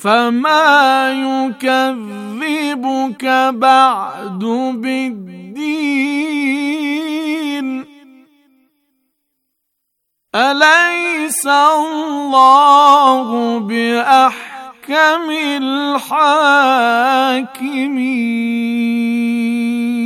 فما يكذبك بعد بالدين اليس الله باحكم الحاكمين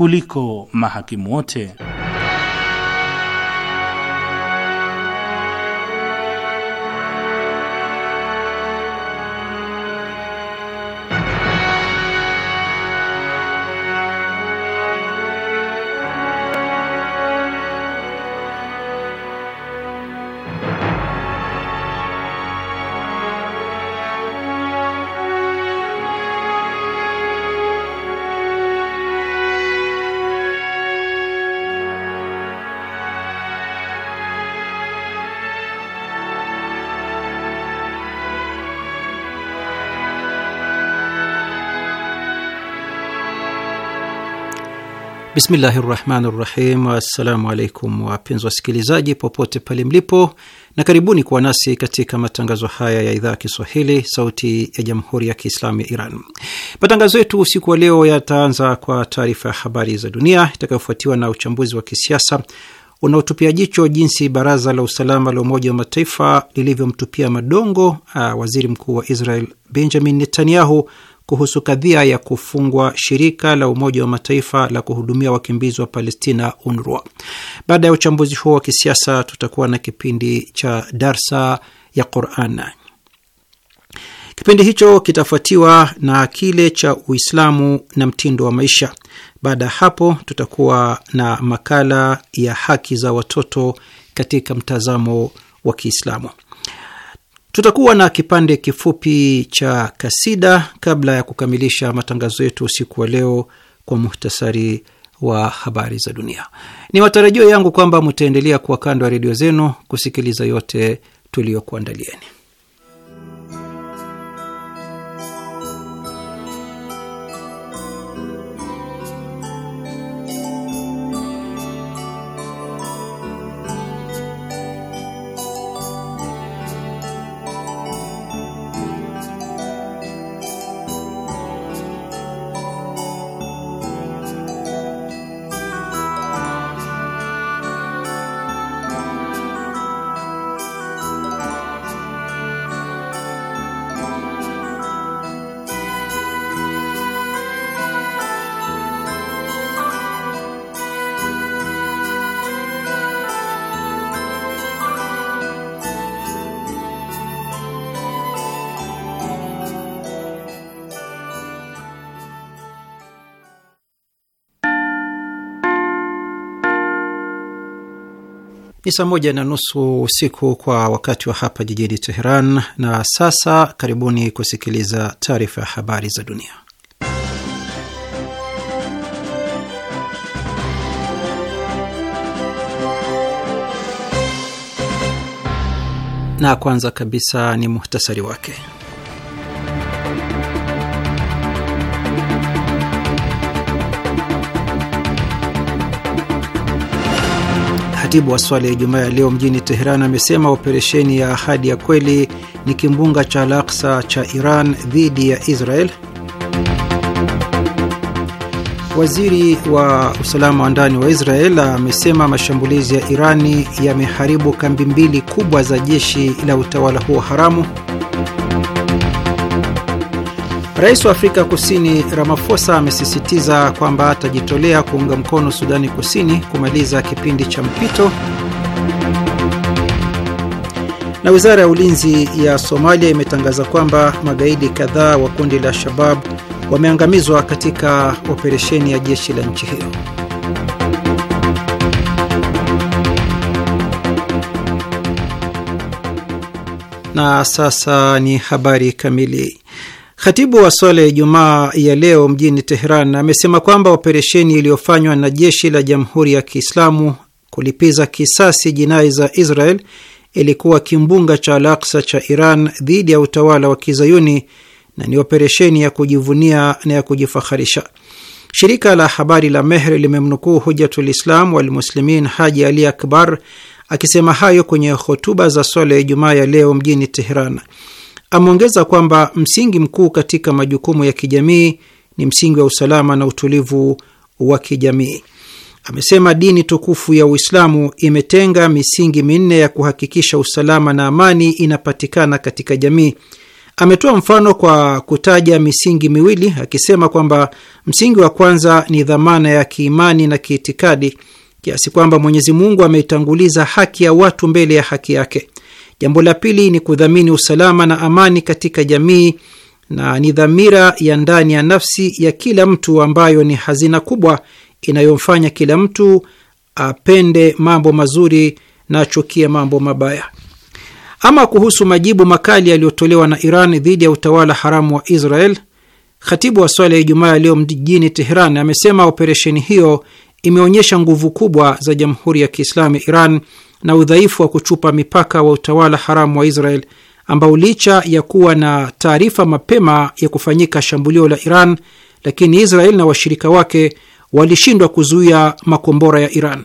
kuliko mahakimu wote. Bismillahi rahmani rahim. Assalamu alaikum wapenzi wasikilizaji popote pale mlipo, na karibuni kuwa nasi katika matangazo haya ya idhaa ya Kiswahili sauti ya jamhuri ya Kiislamu ya Iran. Matangazo yetu usiku wa leo yataanza kwa taarifa ya habari za dunia itakayofuatiwa na uchambuzi wa kisiasa unaotupia jicho jinsi baraza la usalama la Umoja wa Mataifa lilivyomtupia madongo ah, waziri mkuu wa Israel Benjamin Netanyahu kuhusu kadhia ya kufungwa shirika la Umoja wa Mataifa la kuhudumia wakimbizi wa Palestina, UNRWA. Baada ya uchambuzi huo wa kisiasa, tutakuwa na kipindi cha darsa ya Quran. Kipindi hicho kitafuatiwa na kile cha Uislamu na mtindo wa maisha. Baada ya hapo, tutakuwa na makala ya haki za watoto katika mtazamo wa Kiislamu. Tutakuwa na kipande kifupi cha kasida kabla ya kukamilisha matangazo yetu usiku wa leo kwa muhtasari wa habari za dunia. Ni matarajio yangu kwamba mtaendelea kuwa kando ya redio zenu kusikiliza yote tuliyokuandalieni. Ni saa moja na nusu usiku kwa wakati wa hapa jijini Teheran. Na sasa karibuni kusikiliza taarifa ya habari za dunia, na kwanza kabisa ni muhtasari wake. katibu wa swala ya Ijumaa ya leo mjini Teheran amesema operesheni ya Ahadi ya Kweli ni kimbunga cha Al-Aqsa cha Iran dhidi ya Israel. Waziri wa usalama wa ndani wa Israel amesema mashambulizi ya Irani yameharibu kambi mbili kubwa za jeshi la utawala huo haramu. Rais wa Afrika Kusini Ramaphosa amesisitiza kwamba atajitolea kuunga mkono Sudani Kusini kumaliza kipindi cha mpito. Na wizara ya ulinzi ya Somalia imetangaza kwamba magaidi kadhaa wa kundi la Shabab wameangamizwa katika operesheni ya jeshi la nchi hiyo. Na sasa ni habari kamili. Khatibu wa swala ya Ijumaa ya leo mjini Teheran amesema kwamba operesheni iliyofanywa na jeshi la Jamhuri ya Kiislamu kulipiza kisasi jinai za Israel ilikuwa kimbunga cha Al-Aqsa cha Iran dhidi ya utawala wa Kizayuni na ni operesheni ya kujivunia na ya kujifaharisha. Shirika la habari la Mehr limemnukuu Hujatul Islam Walmuslimin Haji Ali Akbar akisema hayo kwenye hotuba za swala ya Ijumaa ya leo mjini Teheran. Ameongeza kwamba msingi mkuu katika majukumu ya kijamii ni msingi wa usalama na utulivu wa kijamii. Amesema dini tukufu ya Uislamu imetenga misingi minne ya kuhakikisha usalama na amani inapatikana katika jamii. Ametoa mfano kwa kutaja misingi miwili akisema kwamba msingi wa kwanza ni dhamana ya kiimani na kiitikadi, kiasi kwamba Mwenyezi Mungu ameitanguliza haki ya watu mbele ya haki yake. Jambo la pili ni kudhamini usalama na amani katika jamii, na ni dhamira ya ndani ya nafsi ya kila mtu ambayo ni hazina kubwa inayomfanya kila mtu apende mambo mazuri na achukie mambo mabaya. Ama kuhusu majibu makali yaliyotolewa na Iran dhidi ya utawala haramu wa Israel, khatibu wa swala ya Ijumaa yaliyo mjini Teheran amesema operesheni hiyo imeonyesha nguvu kubwa za Jamhuri ya Kiislamu ya Iran na udhaifu wa kuchupa mipaka wa utawala haramu wa Israel ambao licha ya kuwa na taarifa mapema ya kufanyika shambulio la Iran, lakini Israel na washirika wake walishindwa kuzuia makombora ya Iran.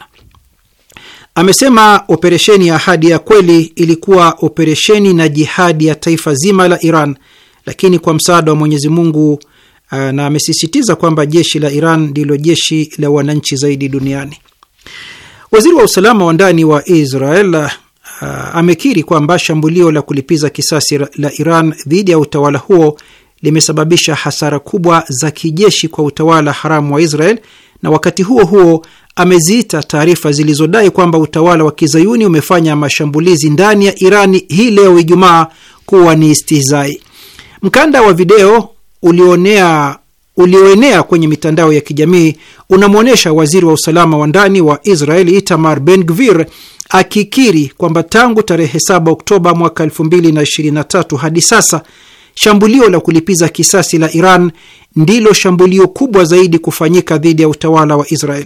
Amesema operesheni ya Ahadi ya Kweli ilikuwa operesheni na jihadi ya taifa zima la Iran, lakini kwa msaada wa Mwenyezi Mungu, uh, na amesisitiza kwamba jeshi la Iran ndilo jeshi la wananchi zaidi duniani. Waziri wa usalama wa ndani wa Israel uh, amekiri kwamba shambulio la kulipiza kisasi la Iran dhidi ya utawala huo limesababisha hasara kubwa za kijeshi kwa utawala haramu wa Israel, na wakati huo huo ameziita taarifa zilizodai kwamba utawala wa kizayuni umefanya mashambulizi ndani ya Irani hii leo Ijumaa kuwa ni istihzai. Mkanda wa video ulionea ulioenea kwenye mitandao ya kijamii unamwonyesha waziri wa usalama wa ndani wa Israeli Itamar Ben Gvir akikiri kwamba tangu tarehe 7 Oktoba mwaka 2023 hadi sasa shambulio la kulipiza kisasi la Iran ndilo shambulio kubwa zaidi kufanyika dhidi ya utawala wa Israel.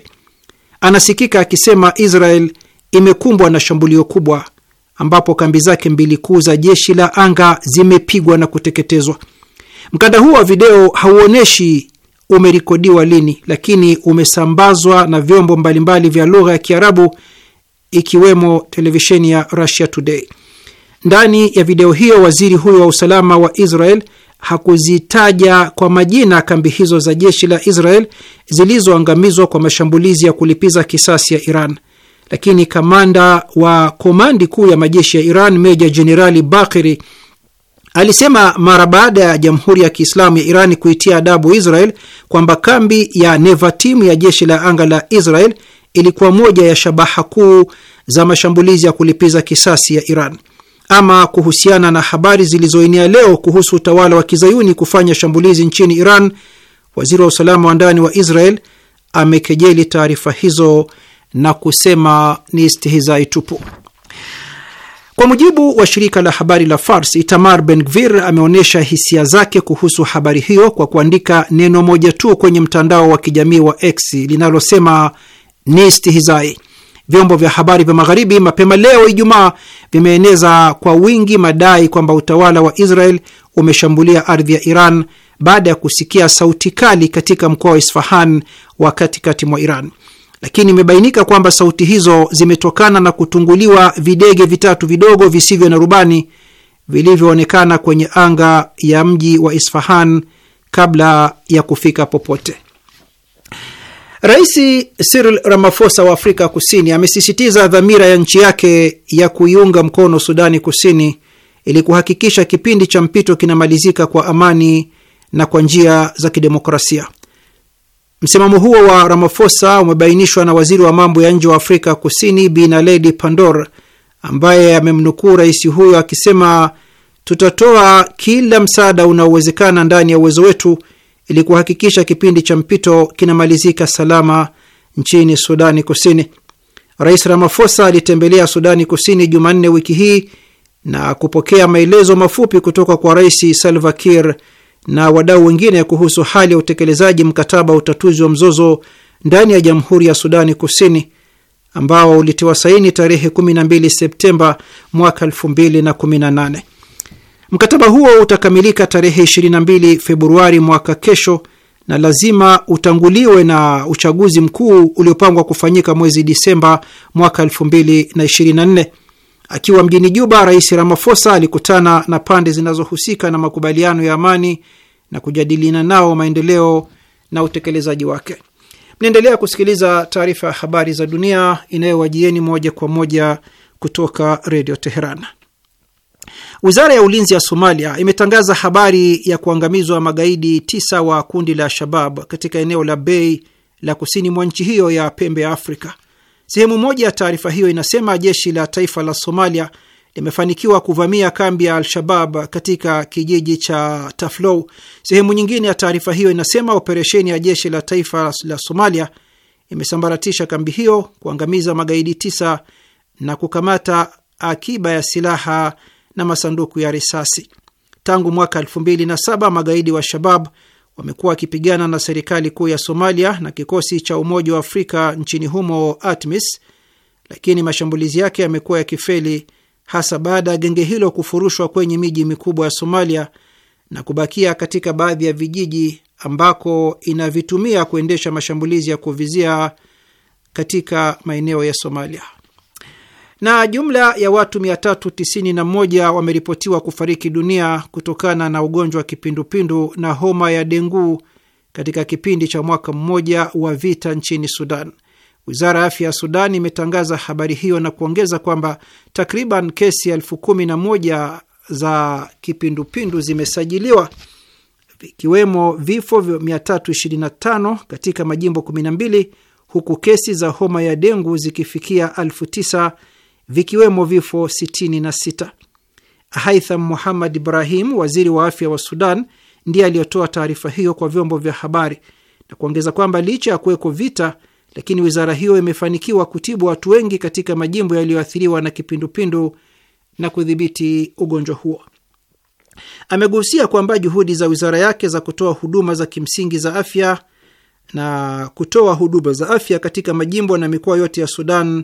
Anasikika akisema Israel imekumbwa na shambulio kubwa ambapo kambi zake mbili kuu za jeshi la anga zimepigwa na kuteketezwa. Mkanda huu wa video hauonyeshi umerekodiwa lini, lakini umesambazwa na vyombo mbalimbali vya lugha ya Kiarabu ikiwemo televisheni ya Russia Today. Ndani ya video hiyo, waziri huyo wa usalama wa Israel hakuzitaja kwa majina kambi hizo za jeshi la Israel zilizoangamizwa kwa mashambulizi ya kulipiza kisasi ya Iran, lakini kamanda wa komandi kuu ya majeshi ya Iran, meja jenerali Bakiri alisema mara baada ya Jamhuri ya Kiislamu ya Irani kuitia adabu Israel kwamba kambi ya Nevatim ya jeshi la anga la Israel ilikuwa moja ya shabaha kuu za mashambulizi ya kulipiza kisasi ya Iran. Ama kuhusiana na habari zilizoenea leo kuhusu utawala wa kizayuni kufanya shambulizi nchini Iran, waziri wa usalama wa ndani wa Israel amekejeli taarifa hizo na kusema ni istihizai tupu. Kwa mujibu wa shirika la habari la Fars, Itamar Ben Gvir ameonyesha hisia zake kuhusu habari hiyo kwa kuandika neno moja tu kwenye mtandao wa kijamii wa X linalosema ni istihizai. Vyombo vya habari vya magharibi mapema leo Ijumaa vimeeneza kwa wingi madai kwamba utawala wa Israel umeshambulia ardhi ya Iran baada ya kusikia sauti kali katika mkoa wa Isfahan wa katikati mwa Iran lakini imebainika kwamba sauti hizo zimetokana na kutunguliwa videge vitatu vidogo visivyo na rubani vilivyoonekana kwenye anga ya mji wa Isfahan kabla ya kufika popote. Rais Cyril Ramaphosa wa Afrika Kusini amesisitiza dhamira ya nchi yake ya kuiunga mkono Sudani Kusini ili kuhakikisha kipindi cha mpito kinamalizika kwa amani na kwa njia za kidemokrasia. Msimamo huo wa Ramaphosa umebainishwa na waziri wa mambo ya nje wa Afrika Kusini Bi Naledi Pandor ambaye amemnukuu rais huyo akisema, tutatoa kila msaada unaowezekana ndani ya uwezo wetu ili kuhakikisha kipindi cha mpito kinamalizika salama nchini Sudani Kusini. Rais Ramaphosa alitembelea Sudani Kusini Jumanne wiki hii na kupokea maelezo mafupi kutoka kwa Rais Salva Kiir na wadau wengine kuhusu hali ya utekelezaji mkataba wa utatuzi wa mzozo ndani ya Jamhuri ya Sudani Kusini ambao ulitiwa saini tarehe 12 Septemba mwaka 2018. Mkataba huo utakamilika tarehe 22 Februari mwaka kesho na lazima utanguliwe na uchaguzi mkuu uliopangwa kufanyika mwezi Disemba mwaka 2024. Akiwa mjini Juba, Rais Ramaphosa alikutana na pande zinazohusika na makubaliano ya amani na kujadiliana nao maendeleo na utekelezaji wake. Mnaendelea kusikiliza taarifa ya habari za dunia inayowajieni moja kwa moja kutoka Redio Teheran. Wizara ya ulinzi ya Somalia imetangaza habari ya kuangamizwa magaidi tisa wa kundi la Shabab katika eneo la Bay la kusini mwa nchi hiyo ya pembe ya Afrika. Sehemu moja ya taarifa hiyo inasema jeshi la taifa la Somalia limefanikiwa kuvamia kambi ya Al-Shabab katika kijiji cha Taflow. Sehemu nyingine ya taarifa hiyo inasema operesheni ya jeshi la taifa la Somalia imesambaratisha kambi hiyo, kuangamiza magaidi tisa na kukamata akiba ya silaha na masanduku ya risasi. Tangu mwaka 27 magaidi wa Shabab wamekuwa wakipigana na serikali kuu ya Somalia na kikosi cha Umoja wa Afrika nchini humo ATMIS, lakini mashambulizi yake yamekuwa yakifeli hasa baada ya genge hilo kufurushwa kwenye miji mikubwa ya Somalia na kubakia katika baadhi ya vijiji ambako inavitumia kuendesha mashambulizi ya kuvizia katika maeneo ya Somalia na jumla ya watu 391 wameripotiwa kufariki dunia kutokana na ugonjwa wa kipindupindu na homa ya dengu katika kipindi cha mwaka mmoja wa vita nchini Sudan. Wizara ya afya ya Sudan imetangaza habari hiyo na kuongeza kwamba takriban kesi elfu kumi na moja za kipindupindu zimesajiliwa vikiwemo vifo vya 325 katika majimbo 12 huku kesi za homa ya dengu zikifikia elfu tisa vikiwemo vifo 66. Haitham Muhammad Ibrahim, waziri wa afya wa Sudan, ndiye aliyotoa taarifa hiyo kwa vyombo vya habari na kuongeza kwamba licha ya kuweko vita, lakini wizara hiyo imefanikiwa kutibu watu wengi katika majimbo yaliyoathiriwa na kipindupindu na kudhibiti ugonjwa huo. Amegusia kwamba juhudi za wizara yake za kutoa huduma za kimsingi za afya na kutoa huduma za afya katika majimbo na mikoa yote ya Sudan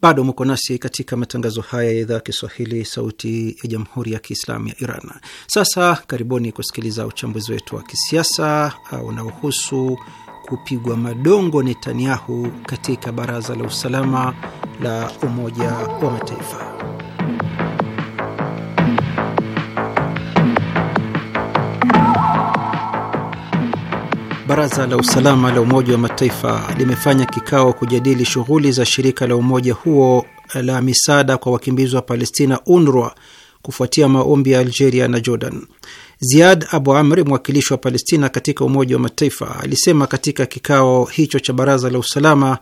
Bado mko nasi katika matangazo haya ya idhaa Kiswahili, sauti ya jamhuri ya kiislamu ya Iran. Sasa karibuni kusikiliza uchambuzi wetu wa kisiasa uh, unaohusu kupigwa madongo Netanyahu katika baraza la usalama la Umoja wa Mataifa. Baraza la Usalama la Umoja wa Mataifa limefanya kikao kujadili shughuli za shirika la umoja huo la misaada kwa wakimbizi wa Palestina, UNRWA, kufuatia maombi ya Algeria na Jordan. Ziad Abu Amri, mwakilishi wa Palestina katika Umoja wa Mataifa, alisema katika kikao hicho cha Baraza la Usalama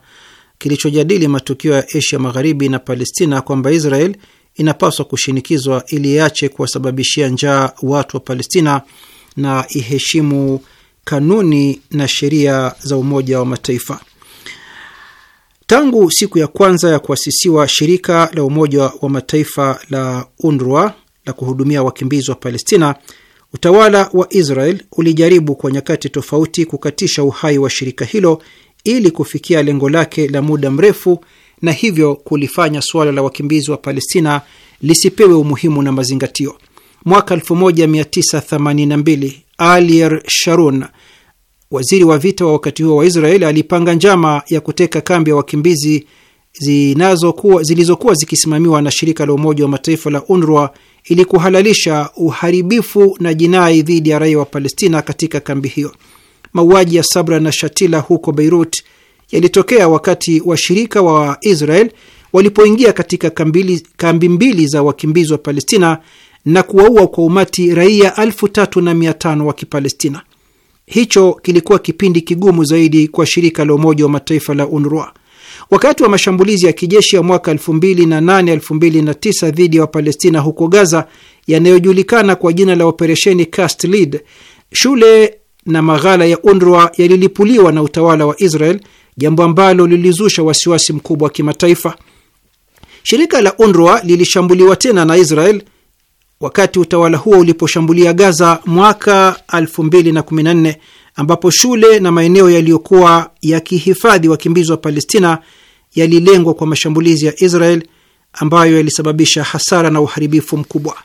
kilichojadili matukio ya Asia Magharibi na Palestina kwamba Israel inapaswa kushinikizwa ili iache kuwasababishia njaa watu wa Palestina na iheshimu kanuni na sheria za Umoja wa Mataifa. Tangu siku ya kwanza ya kuasisiwa shirika la Umoja wa Mataifa la UNRWA la kuhudumia wakimbizi wa Palestina, utawala wa Israel ulijaribu kwa nyakati tofauti kukatisha uhai wa shirika hilo ili kufikia lengo lake la muda mrefu na hivyo kulifanya suala la wakimbizi wa Palestina lisipewe umuhimu na mazingatio mwaka 1982 Alier Sharun, waziri wa vita wa wakati huo wa Israel, alipanga njama ya kuteka kambi ya wakimbizi zinazokuwa zilizokuwa zikisimamiwa na shirika la Umoja wa Mataifa la UNRWA ili kuhalalisha uharibifu na jinai dhidi ya raia wa Palestina katika kambi hiyo. Mauaji ya Sabra na Shatila huko Beirut yalitokea wakati washirika wa Israel walipoingia katika kambi mbili za wakimbizi wa Palestina na kuwaua kwa umati raia elfu tatu na mia tano wa Kipalestina. Hicho kilikuwa kipindi kigumu zaidi kwa shirika la Umoja wa Mataifa la UNRWA. Wakati wa mashambulizi ya kijeshi ya mwaka 2008 2009 dhidi ya Wapalestina huko Gaza, yanayojulikana kwa jina la Operesheni Cast Lead, shule na maghala ya UNRWA yalilipuliwa na utawala wa Israel, jambo ambalo lilizusha wasiwasi mkubwa wa kimataifa. Shirika la UNRWA lilishambuliwa tena na Israel wakati utawala huo uliposhambulia Gaza mwaka 2014 ambapo shule na maeneo yaliyokuwa yakihifadhi wakimbizi wa Palestina yalilengwa kwa mashambulizi ya Israel ambayo yalisababisha hasara na uharibifu mkubwa.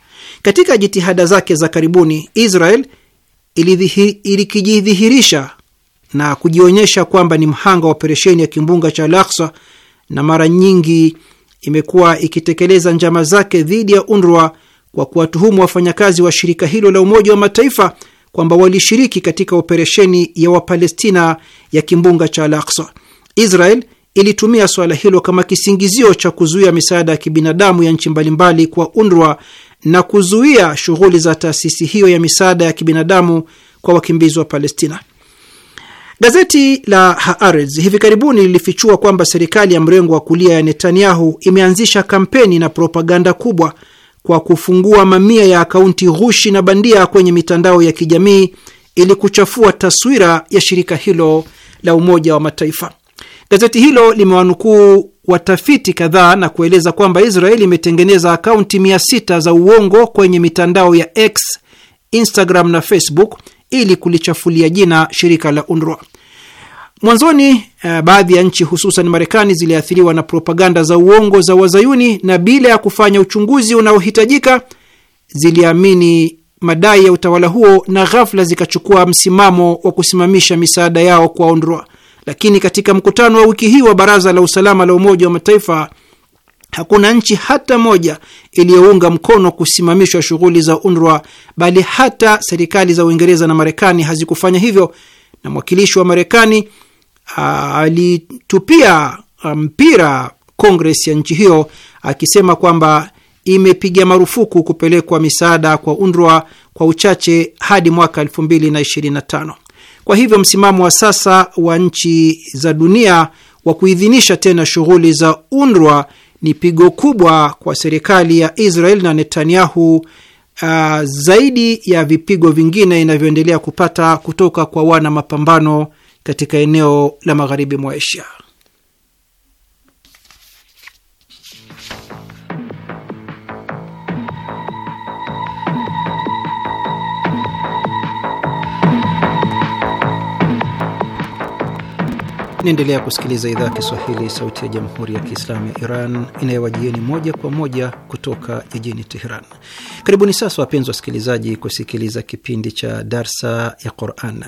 Katika jitihada zake za karibuni, Israel ilikijidhihirisha na kujionyesha kwamba ni mhanga wa operesheni ya kimbunga cha Al-Aqsa na mara nyingi imekuwa ikitekeleza njama zake dhidi ya UNRWA kwa kuwatuhumu wafanyakazi wa shirika hilo la Umoja wa Mataifa kwamba walishiriki katika operesheni ya Wapalestina ya kimbunga cha Al-Aqsa. Israel ilitumia suala hilo kama kisingizio cha kuzuia misaada ya kibinadamu ya nchi mbalimbali kwa UNRWA na kuzuia shughuli za taasisi hiyo ya misaada ya kibinadamu kwa wakimbizi wa Palestina. Gazeti la Haaretz hivi karibuni lilifichua kwamba serikali ya mrengo wa kulia ya Netanyahu imeanzisha kampeni na propaganda kubwa kwa kufungua mamia ya akaunti ghushi na bandia kwenye mitandao ya kijamii ili kuchafua taswira ya shirika hilo la Umoja wa Mataifa. Gazeti hilo limewanukuu watafiti kadhaa na kueleza kwamba Israeli imetengeneza akaunti 600 za uongo kwenye mitandao ya X, Instagram na Facebook ili kulichafulia jina shirika la UNRWA. Mwanzoni uh, baadhi ya nchi hususan Marekani ziliathiriwa na propaganda za uongo za Wazayuni na bila ya kufanya uchunguzi unaohitajika ziliamini madai ya utawala huo na ghafla zikachukua msimamo wa kusimamisha misaada yao kwa UNRWA. Lakini katika mkutano wa wiki hii wa Baraza la Usalama la Umoja wa Mataifa hakuna nchi hata moja iliyounga mkono kusimamishwa shughuli za UNRWA, bali hata serikali za Uingereza na Marekani hazikufanya hivyo, na mwakilishi wa Marekani Ah, alitupia ah, mpira Kongres ya nchi hiyo akisema kwamba imepiga marufuku kupelekwa misaada kwa UNRWA kwa uchache hadi mwaka 2025. Kwa hivyo msimamo wa sasa wa nchi za dunia wa kuidhinisha tena shughuli za UNRWA ni pigo kubwa kwa serikali ya Israel na Netanyahu, uh, zaidi ya vipigo vingine inavyoendelea kupata kutoka kwa wana mapambano katika eneo la magharibi mwa Asia. naendelea kusikiliza idhaa ya Kiswahili, sauti ya jamhuri ya kiislamu ya Iran inayowajieni moja kwa moja kutoka jijini Teheran. Karibuni sasa, wapenzi wasikilizaji, kusikiliza kipindi cha darsa ya Quran.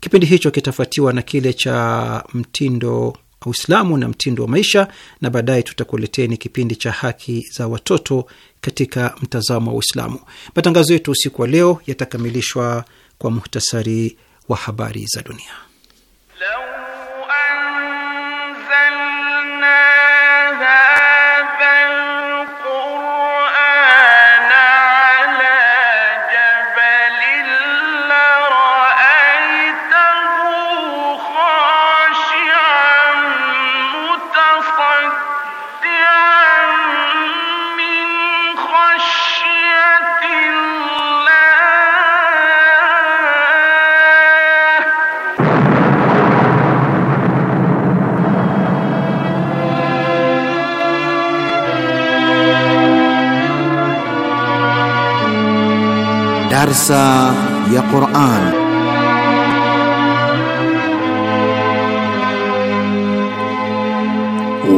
Kipindi hicho kitafuatiwa na kile cha mtindo Uislamu na mtindo wa maisha, na baadaye tutakuleteni kipindi cha haki za watoto katika mtazamo wa Uislamu. Matangazo yetu usiku wa leo yatakamilishwa kwa muhtasari wa habari za dunia. Darsa ya Quran.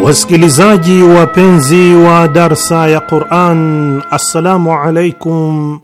Wasikilizaji wapenzi wa darsa ya Quran, assalamu alaikum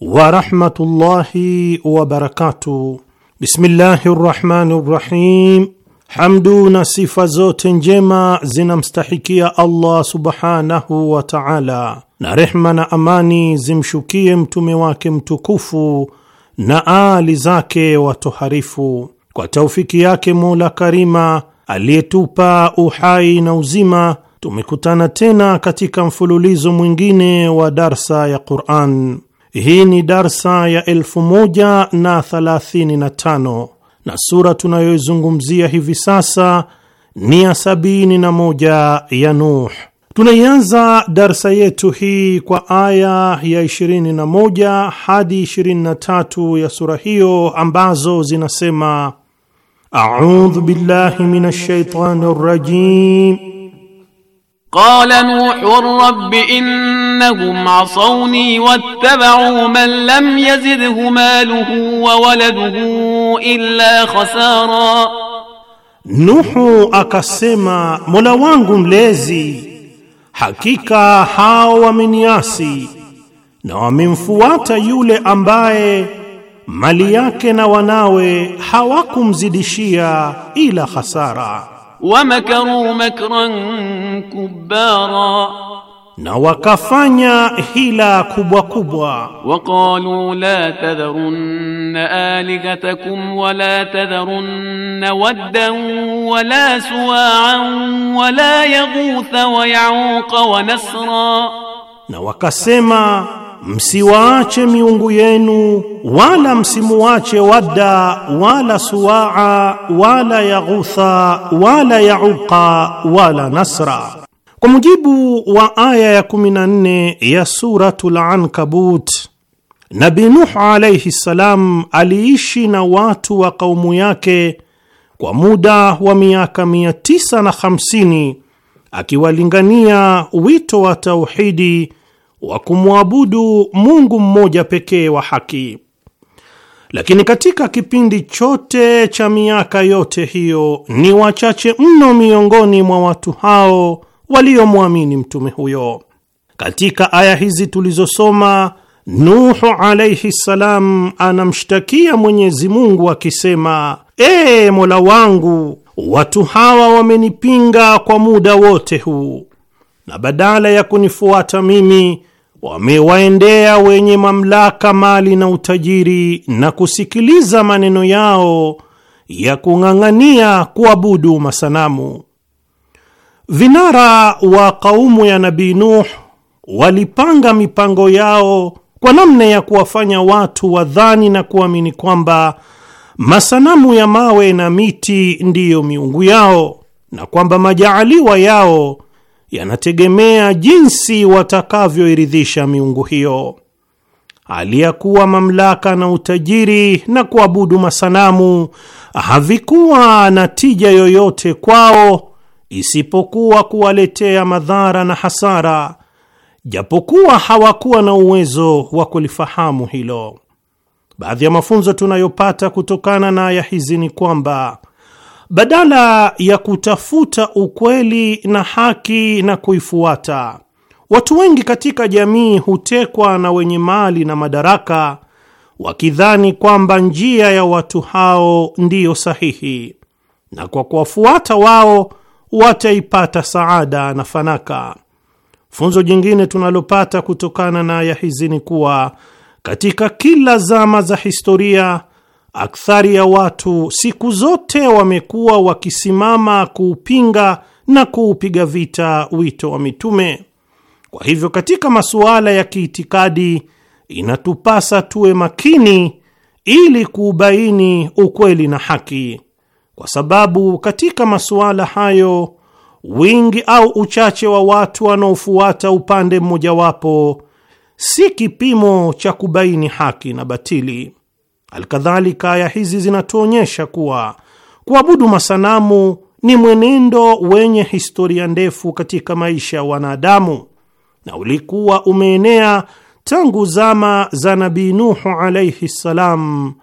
wa rahmatullahi wa barakatuh. Bismillahir rahmanir rahim. Hamdu na sifa zote njema zinamstahikia Allah subhanahu wa ta'ala na rehma na amani zimshukie mtume wake mtukufu na aali zake watoharifu. Kwa taufiki yake Mola Karima aliyetupa uhai na uzima, tumekutana tena katika mfululizo mwingine wa darsa ya Quran. Hii ni darsa ya elfu moja na thalathini na tano na sura tunayoizungumzia hivi sasa ni ya sabini na moja ya Nuh. Tunaianza darsa yetu hii kwa aya ya 21 hadi 23 ya sura hiyo ambazo zinasema: audhu billahi minash shaitani rajim qala nuhu rabbi innahum asawni wattabau man lam yazidhu maluhu wa waladuhu illa khasara, Nuhu akasema mola wangu mlezi Hakika hao wameniasi na wamemfuata yule ambaye mali yake na wanawe hawakumzidishia ila hasara. Wamakaru makran kubara na wakafanya hila kubwa kubwa. Waqalu la tadharunna alihatakum wala tadharunna waddan wala suwa'an wala yaghutha wa yauqa wa nasra, na wakasema msiwaache miungu yenu wala msimuache Wadda wala Suwaa wala Yaghutha wala Yauqa wala Nasra. Kwa mujibu wa aya ya 14 ya Suratul Ankabut, Nabi Nuh alayhi ssalam aliishi na watu wa kaumu yake kwa muda wa miaka 950 akiwalingania wito wa tauhidi wa kumwabudu Mungu mmoja pekee wa haki. Lakini katika kipindi chote cha miaka yote hiyo, ni wachache mno miongoni mwa watu hao waliomwamini mtume huyo. Katika aya hizi tulizosoma, Nuhu alaihi ssalam anamshtakia Mwenyezi Mungu akisema, ee Mola wangu, watu hawa wamenipinga kwa muda wote huu, na badala ya kunifuata mimi wamewaendea wenye mamlaka, mali na utajiri, na kusikiliza maneno yao ya kung'ang'ania kuabudu masanamu. Vinara wa kaumu ya Nabii Nuh walipanga mipango yao kwa namna ya kuwafanya watu wadhani na kuamini kwamba masanamu ya mawe na miti ndiyo miungu yao na kwamba majaaliwa yao yanategemea jinsi watakavyoiridhisha miungu hiyo. Hali ya kuwa mamlaka na utajiri na kuabudu masanamu havikuwa na tija yoyote kwao isipokuwa kuwaletea madhara na hasara, japokuwa hawakuwa na uwezo wa kulifahamu hilo. Baadhi ya mafunzo tunayopata kutokana na aya hizi ni kwamba badala ya kutafuta ukweli na haki na kuifuata, watu wengi katika jamii hutekwa na wenye mali na madaraka, wakidhani kwamba njia ya watu hao ndiyo sahihi, na kwa kuwafuata wao wataipata saada na fanaka. Funzo jingine tunalopata kutokana na aya hizi ni kuwa katika kila zama za historia, akthari ya watu siku zote wamekuwa wakisimama kuupinga na kuupiga vita wito wa mitume. Kwa hivyo, katika masuala ya kiitikadi inatupasa tuwe makini ili kuubaini ukweli na haki kwa sababu katika masuala hayo wingi au uchache wa watu wanaofuata upande mmojawapo si kipimo cha kubaini haki na batili. Alkadhalika, aya hizi zinatuonyesha kuwa kuabudu masanamu ni mwenendo wenye historia ndefu katika maisha ya wanadamu na ulikuwa umeenea tangu zama za Nabii Nuhu alaihi ssalam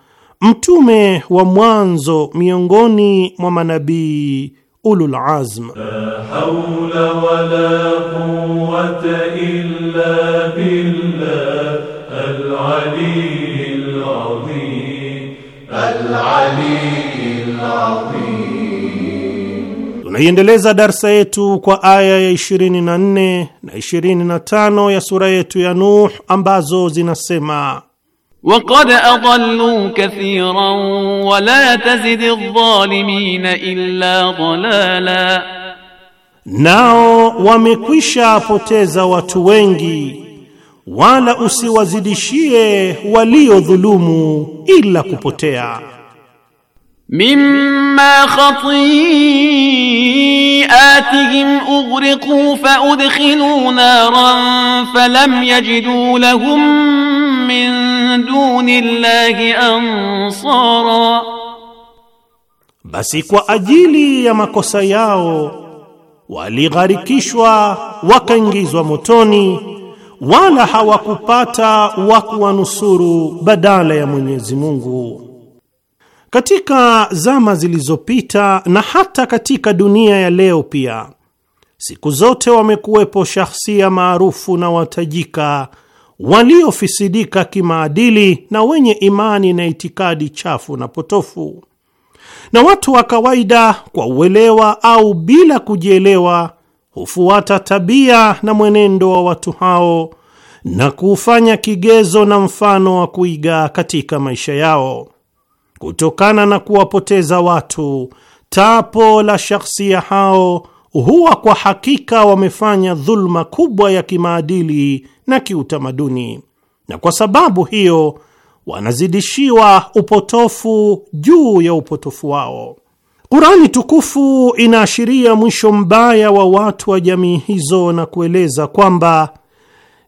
mtume wa mwanzo miongoni mwa manabii ulul azm. La hawla wala quwwata illa billah al-aliyyil al-aliyyil Tunaiendeleza darsa yetu kwa aya ya 24 na 25 ya sura yetu ya Nuh ambazo zinasema وقد أضلوا كثيرا ولا تزد الظالمين إلا ضلالا nao wamekwisha poteza watu wengi wala usiwazidishie waliodhulumu ila kupotea mimma خطيئاتهم أغرقوا فأدخلوا نارا فلم يجدوا لهم من دون الله ansara, basi kwa ajili ya makosa yao waligharikishwa wakaingizwa motoni, wala hawakupata wa kuwanusuru badala ya Mwenyezi Mungu. Katika zama zilizopita na hata katika dunia ya leo pia, siku zote wamekuwepo shahsia maarufu na watajika waliofisidika kimaadili na wenye imani na itikadi chafu na potofu. Na watu wa kawaida, kwa uelewa au bila kujielewa, hufuata tabia na mwenendo wa watu hao na kuufanya kigezo na mfano wa kuiga katika maisha yao. Kutokana na kuwapoteza watu, tapo la shakhsia hao huwa kwa hakika wamefanya dhuluma kubwa ya kimaadili na kiutamaduni, na kwa sababu hiyo wanazidishiwa upotofu juu ya upotofu wao. Kurani tukufu inaashiria mwisho mbaya wa watu wa jamii hizo na kueleza kwamba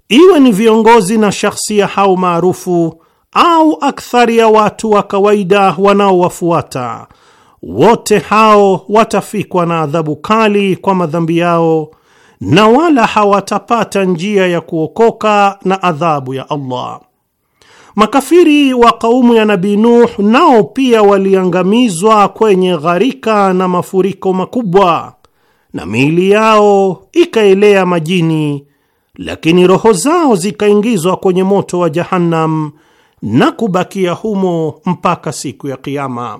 iwe ni viongozi na shakhsia hao maarufu au akthari ya watu wa kawaida wanaowafuata, wote hao watafikwa na adhabu kali kwa madhambi yao na wala hawatapata njia ya kuokoka na adhabu ya Allah. Makafiri wa kaumu ya Nabii Nuh nao pia waliangamizwa kwenye gharika na mafuriko makubwa, na miili yao ikaelea majini, lakini roho zao zikaingizwa kwenye moto wa Jahannam na kubakia humo mpaka siku ya Kiyama.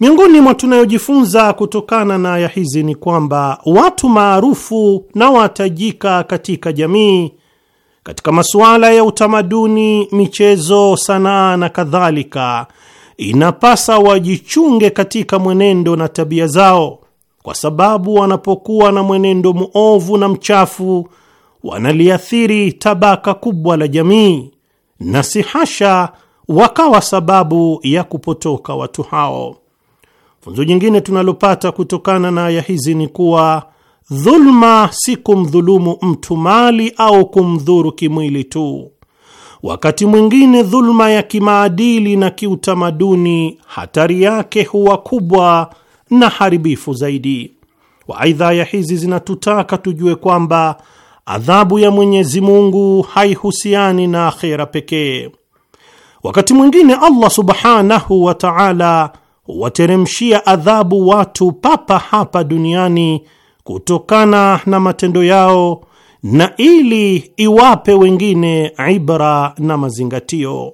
Miongoni mwa tunayojifunza kutokana na aya hizi ni kwamba watu maarufu na watajika katika jamii, katika masuala ya utamaduni, michezo, sanaa na kadhalika, inapasa wajichunge katika mwenendo na tabia zao, kwa sababu wanapokuwa na mwenendo muovu na mchafu wanaliathiri tabaka kubwa la jamii, na si hasha wakawa sababu ya kupotoka watu hao. Funzo jingine tunalopata kutokana na aya hizi ni kuwa dhulma si kumdhulumu mtu mali au kumdhuru kimwili tu. Wakati mwingine dhulma ya kimaadili na kiutamaduni, hatari yake huwa kubwa na haribifu zaidi. Waaidha, aya hizi zinatutaka tujue kwamba adhabu ya Mwenyezi Mungu haihusiani na akhera pekee. Wakati mwingine Allah subhanahu wa ta'ala huwateremshia adhabu watu papa hapa duniani kutokana na matendo yao na ili iwape wengine ibra na mazingatio.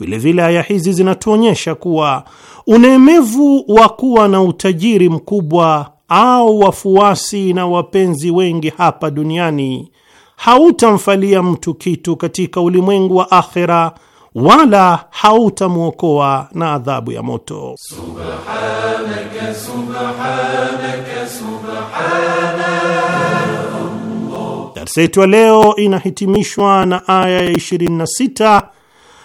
Vilevile aya hizi zinatuonyesha kuwa unemevu wa kuwa na utajiri mkubwa au wafuasi na wapenzi wengi hapa duniani hautamfalia mtu kitu katika ulimwengu wa akhera wala hautamwokoa na adhabu ya moto. Subhanaka, subhanaka, subhanaka. Darsa yetu ya leo inahitimishwa na aya ya 26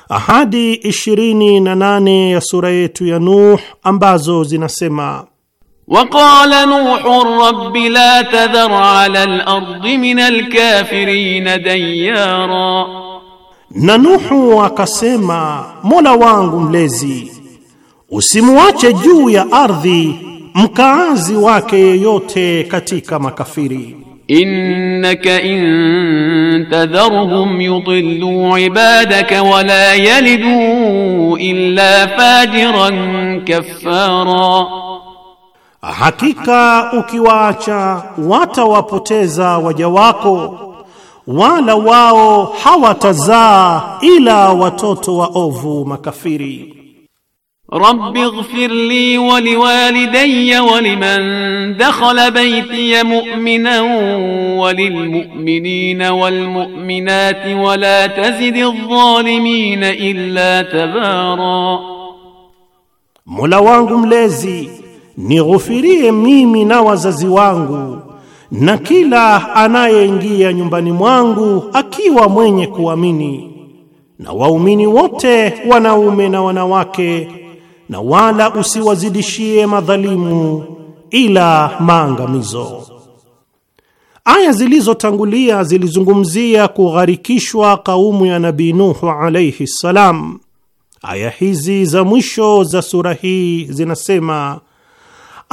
ahadi 28 ya sura yetu ya Nuh ambazo zinasema Waqala Nuhu rabbi la tadhar ala al-ardi min al-kafirin dayyara na Nuhu akasema, Mola wangu mlezi, usimuache juu ya ardhi mkaazi wake yeyote katika makafiri. Innaka in tadharhum yudillu ibadaka la yalidu illa fajiran kaffara, hakika ukiwaacha watawapoteza waja wako wala wao hawatazaa ila watoto waovu makafiri. Rabbi ighfir li wa liwalidayya wa liman dakhala baytiya mu'minan wa lilmu'minina walmu'minati wa la tazidi adh-dhalimina illa tabara, Mola wangu mlezi nighufirie mimi na wazazi wangu na kila anayeingia nyumbani mwangu akiwa mwenye kuamini, na waumini wote wanaume na wanawake, na wala usiwazidishie madhalimu ila maangamizo. Aya zilizotangulia zilizungumzia kugharikishwa kaumu ya Nabii Nuhu alayhi salam. Aya hizi za mwisho za sura hii zinasema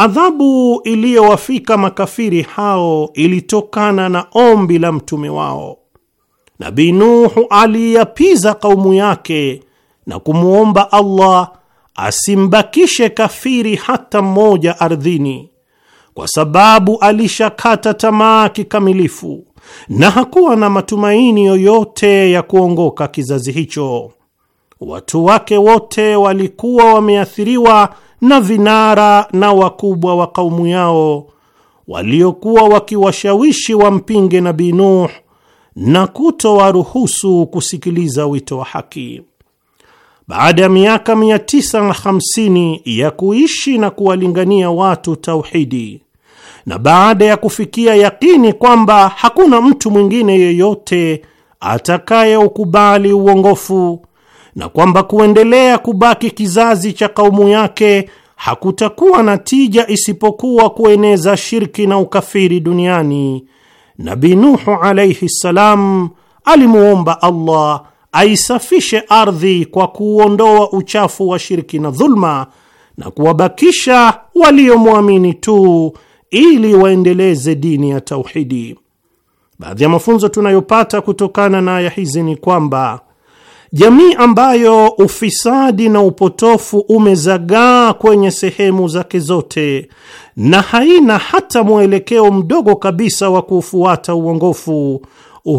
Adhabu iliyowafika makafiri hao ilitokana na ombi la mtume wao Nabii Nuhu. Aliyapiza kaumu yake na kumwomba Allah asimbakishe kafiri hata mmoja ardhini, kwa sababu alishakata tamaa kikamilifu na hakuwa na matumaini yoyote ya kuongoka kizazi hicho. Watu wake wote walikuwa wameathiriwa na vinara na wakubwa wa kaumu yao waliokuwa wakiwashawishi wampinge Nabii Nuh na kutowaruhusu kusikiliza wito wa haki. Baada ya miaka 950 ya kuishi na kuwalingania watu tauhidi na baada ya kufikia yakini kwamba hakuna mtu mwingine yeyote atakayeukubali uongofu na kwamba kuendelea kubaki kizazi cha kaumu yake hakutakuwa na tija isipokuwa kueneza shirki na ukafiri duniani. nabi Nuhu alaihi ssalam alimuomba Allah aisafishe ardhi kwa kuuondoa uchafu wa shirki na dhulma na kuwabakisha waliomwamini tu ili waendeleze dini ya tauhidi. Baadhi ya mafunzo tunayopata kutokana na aya hizi ni kwamba Jamii ambayo ufisadi na upotofu umezagaa kwenye sehemu zake zote na haina hata mwelekeo mdogo kabisa wa kufuata uongofu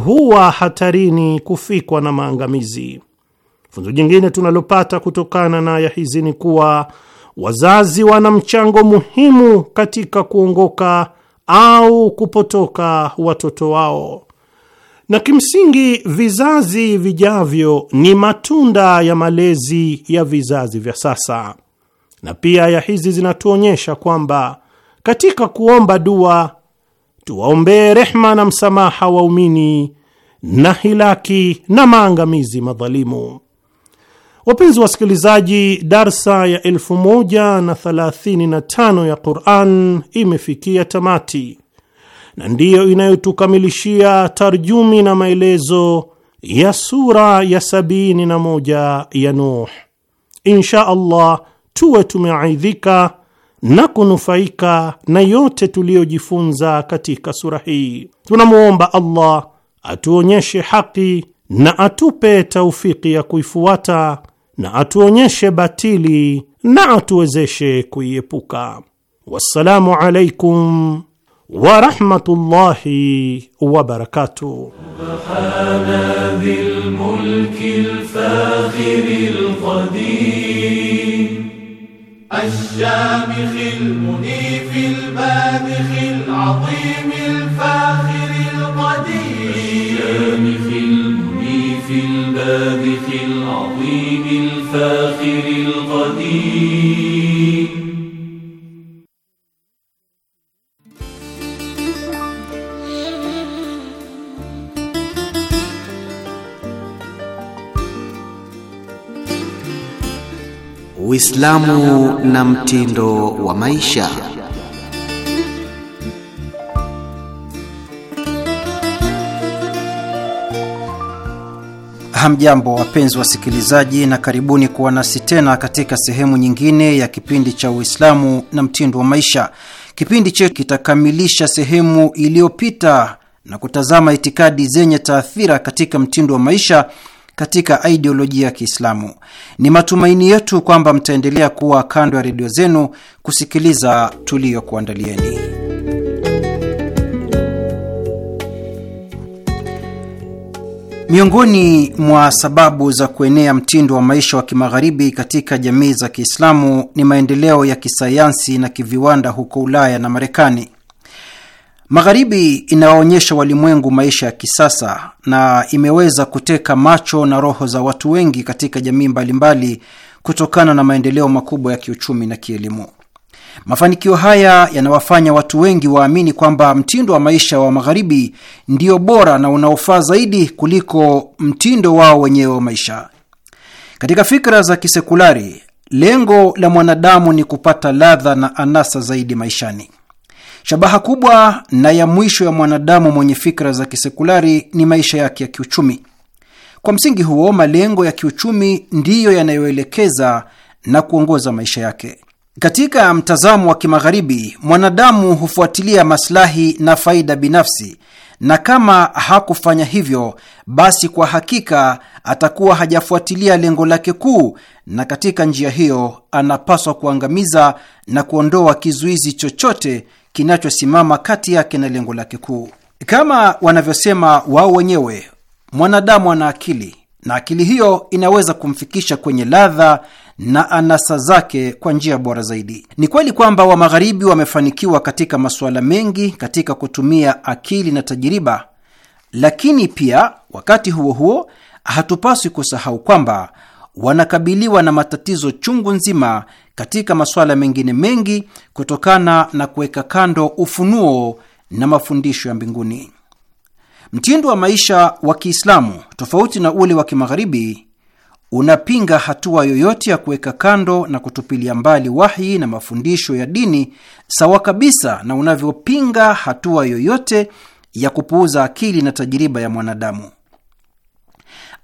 huwa hatarini kufikwa na maangamizi. Funzo jingine tunalopata kutokana na aya hizi ni kuwa wazazi wana mchango muhimu katika kuongoka au kupotoka watoto wao na kimsingi vizazi vijavyo ni matunda ya malezi ya vizazi vya sasa. Na pia aya hizi zinatuonyesha kwamba katika kuomba dua tuwaombee rehma na msamaha waumini na hilaki na maangamizi madhalimu. Wapenzi wasikilizaji, darsa ya 1035 ya Quran imefikia tamati na ndiyo inayotukamilishia tarjumi na maelezo ya sura ya sabini na moja ya Nuh. Insha Allah tuwe tumeaidhika na kunufaika na yote tuliyojifunza katika sura hii. Tunamwomba Allah atuonyeshe haki na atupe taufiki ya kuifuata na atuonyeshe batili na atuwezeshe kuiepuka. Wassalamu alaikum ورحمة الله وبركاته سبحان ذي الملك الفاخر القدير الشامخ المنيف البادخ العظيم الفاخر القدير الشامخ المنيف البادخ العظيم الفاخر القدير Uislamu na mtindo wa maisha. Hamjambo, wapenzi wasikilizaji, na karibuni kuwa nasi tena katika sehemu nyingine ya kipindi cha Uislamu na mtindo wa maisha. Kipindi chetu kitakamilisha sehemu iliyopita na kutazama itikadi zenye taathira katika mtindo wa maisha katika ideolojia ya Kiislamu. Ni matumaini yetu kwamba mtaendelea kuwa kando ya redio zenu kusikiliza tuliyokuandalieni. Miongoni mwa sababu za kuenea mtindo wa maisha wa kimagharibi katika jamii za Kiislamu ni maendeleo ya kisayansi na kiviwanda huko Ulaya na Marekani. Magharibi inawaonyesha walimwengu maisha ya kisasa na imeweza kuteka macho na roho za watu wengi katika jamii mbalimbali kutokana na maendeleo makubwa ya kiuchumi na kielimu. Mafanikio haya yanawafanya watu wengi waamini kwamba mtindo wa maisha wa Magharibi ndio bora na unaofaa zaidi kuliko mtindo wao wenyewe wa maisha. Katika fikra za kisekulari, lengo la mwanadamu ni kupata ladha na anasa zaidi maishani. Shabaha kubwa na ya mwisho ya mwanadamu mwenye fikra za kisekulari ni maisha yake ya kiuchumi. Kwa msingi huo, malengo ya kiuchumi ndiyo yanayoelekeza na kuongoza maisha yake. Katika mtazamo wa Kimagharibi, mwanadamu hufuatilia maslahi na faida binafsi na kama hakufanya hivyo, basi kwa hakika atakuwa hajafuatilia lengo lake kuu, na katika njia hiyo anapaswa kuangamiza na kuondoa kizuizi chochote kinachosimama kati yake na lengo lake kuu. Kama wanavyosema wao wenyewe, mwanadamu ana akili na akili hiyo inaweza kumfikisha kwenye ladha na anasa zake kwa njia bora zaidi. Ni kweli kwamba wa Magharibi wamefanikiwa katika masuala mengi katika kutumia akili na tajiriba, lakini pia wakati huo huo hatupaswi kusahau kwamba wanakabiliwa na matatizo chungu nzima katika masuala mengine mengi kutokana na kuweka kando ufunuo na mafundisho ya mbinguni. Mtindo wa maisha wa Kiislamu, tofauti na ule wa Kimagharibi, unapinga hatua yoyote ya kuweka kando na kutupilia mbali wahi na mafundisho ya dini, sawa kabisa na unavyopinga hatua yoyote ya kupuuza akili na tajiriba ya mwanadamu.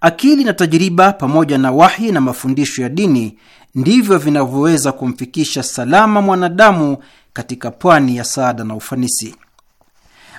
Akili na tajiriba pamoja na wahi na mafundisho ya dini ndivyo vinavyoweza kumfikisha salama mwanadamu katika pwani ya saada na ufanisi.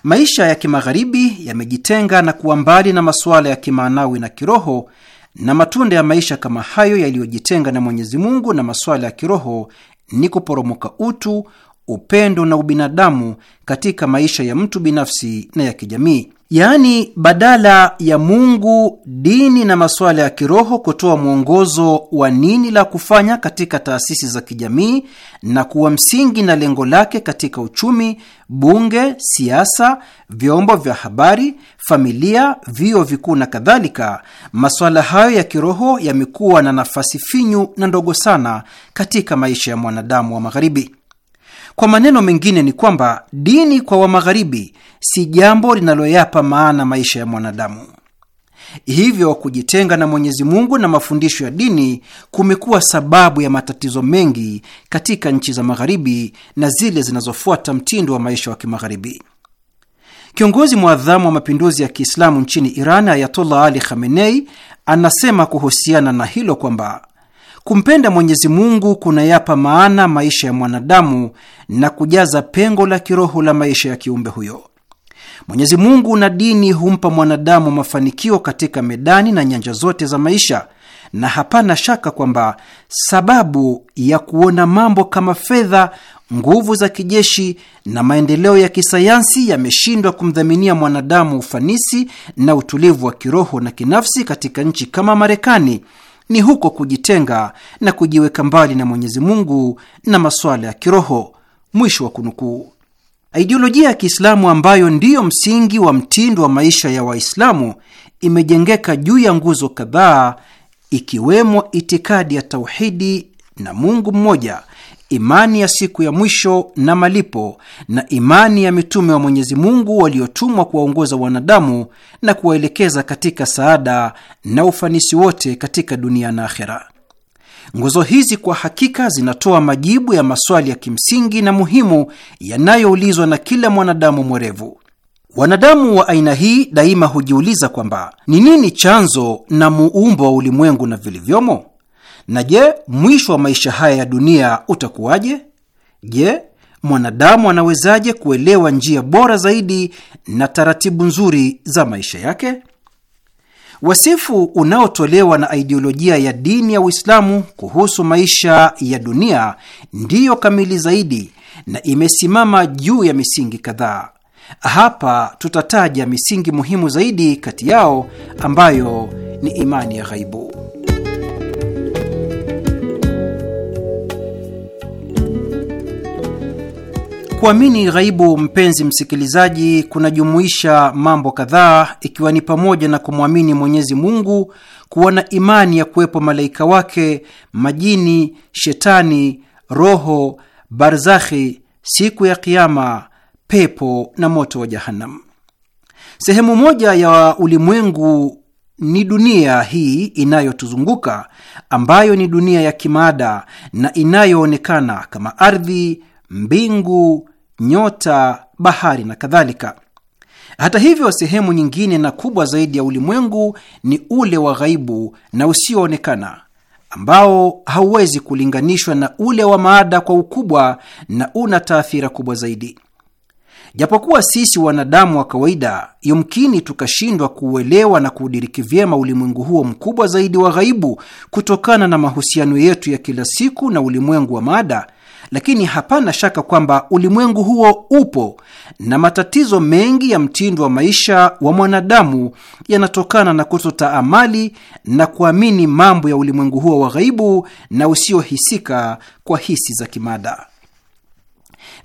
Maisha ya kimagharibi yamejitenga na kuwa mbali na masuala ya kimaanawi na kiroho na matunda ya maisha kama hayo yaliyojitenga na Mwenyezi Mungu na masuala ya kiroho ni kuporomoka utu, upendo na ubinadamu katika maisha ya mtu binafsi na ya kijamii yaani badala ya Mungu, dini na masuala ya kiroho kutoa mwongozo wa nini la kufanya katika taasisi za kijamii na kuwa msingi na lengo lake katika uchumi, bunge, siasa, vyombo vya habari, familia, vyuo vikuu na kadhalika, masuala hayo ya kiroho yamekuwa na nafasi finyu na ndogo sana katika maisha ya mwanadamu wa Magharibi. Kwa maneno mengine ni kwamba dini kwa Wamagharibi si jambo linaloyapa maana maisha ya mwanadamu. Hivyo kujitenga na Mwenyezi Mungu na mafundisho ya dini kumekuwa sababu ya matatizo mengi katika nchi za Magharibi na zile zinazofuata mtindo wa maisha wa Kimagharibi. Kiongozi mwadhamu wa mapinduzi ya Kiislamu nchini Iran, Ayatollah Ali Khamenei, anasema kuhusiana na hilo kwamba Kumpenda Mwenyezi Mungu kunayapa maana maisha ya mwanadamu na kujaza pengo la kiroho la maisha ya kiumbe huyo. Mwenyezi Mungu na dini humpa mwanadamu mafanikio katika medani na nyanja zote za maisha, na hapana shaka kwamba sababu ya kuona mambo kama fedha, nguvu za kijeshi na maendeleo ya kisayansi yameshindwa kumdhaminia mwanadamu ufanisi na utulivu wa kiroho na kinafsi katika nchi kama Marekani ni huko kujitenga na kujiweka mbali na Mwenyezi Mungu na masuala ya kiroho. Mwisho wa kunukuu. Ideolojia ya Kiislamu ambayo ndiyo msingi wa mtindo wa maisha ya Waislamu imejengeka juu ya nguzo kadhaa, ikiwemo itikadi ya tauhidi na Mungu mmoja imani ya siku ya mwisho na malipo na imani ya mitume wa Mwenyezi Mungu waliotumwa kuwaongoza wanadamu na kuwaelekeza katika saada na ufanisi wote katika dunia na akhera. Nguzo hizi kwa hakika zinatoa majibu ya maswali ya kimsingi na muhimu yanayoulizwa na kila mwanadamu mwerevu. Wanadamu wa aina hii daima hujiuliza kwamba ni nini chanzo na muumbo wa ulimwengu na vilivyomo na je, mwisho wa maisha haya ya dunia utakuwaje? Je, mwanadamu anawezaje kuelewa njia bora zaidi na taratibu nzuri za maisha yake? Wasifu unaotolewa na idiolojia ya dini ya Uislamu kuhusu maisha ya dunia ndiyo kamili zaidi na imesimama juu ya misingi kadhaa. Hapa tutataja misingi muhimu zaidi kati yao ambayo ni imani ya ghaibu. Kuamini ghaibu, mpenzi msikilizaji, kunajumuisha mambo kadhaa, ikiwa ni pamoja na kumwamini Mwenyezi Mungu, kuwa na imani ya kuwepo malaika wake, majini, shetani, roho, barzakhi, siku ya Kiama, pepo na moto wa Jahannam. Sehemu moja ya ulimwengu ni dunia hii inayotuzunguka ambayo ni dunia ya kimaada na inayoonekana kama ardhi, mbingu, nyota, bahari na kadhalika. Hata hivyo, sehemu nyingine na kubwa zaidi ya ulimwengu ni ule wa ghaibu na usioonekana ambao hauwezi kulinganishwa na ule wa maada kwa ukubwa na una taathira kubwa zaidi. Japokuwa sisi wanadamu wa kawaida yumkini tukashindwa kuuelewa na kuudiriki vyema ulimwengu huo mkubwa zaidi wa ghaibu kutokana na mahusiano yetu ya kila siku na ulimwengu wa maada, lakini hapana shaka kwamba ulimwengu huo upo na matatizo mengi ya mtindo wa maisha wa mwanadamu yanatokana na kutotaamali na kuamini mambo ya ulimwengu huo wa ghaibu na usiohisika kwa hisi za kimada.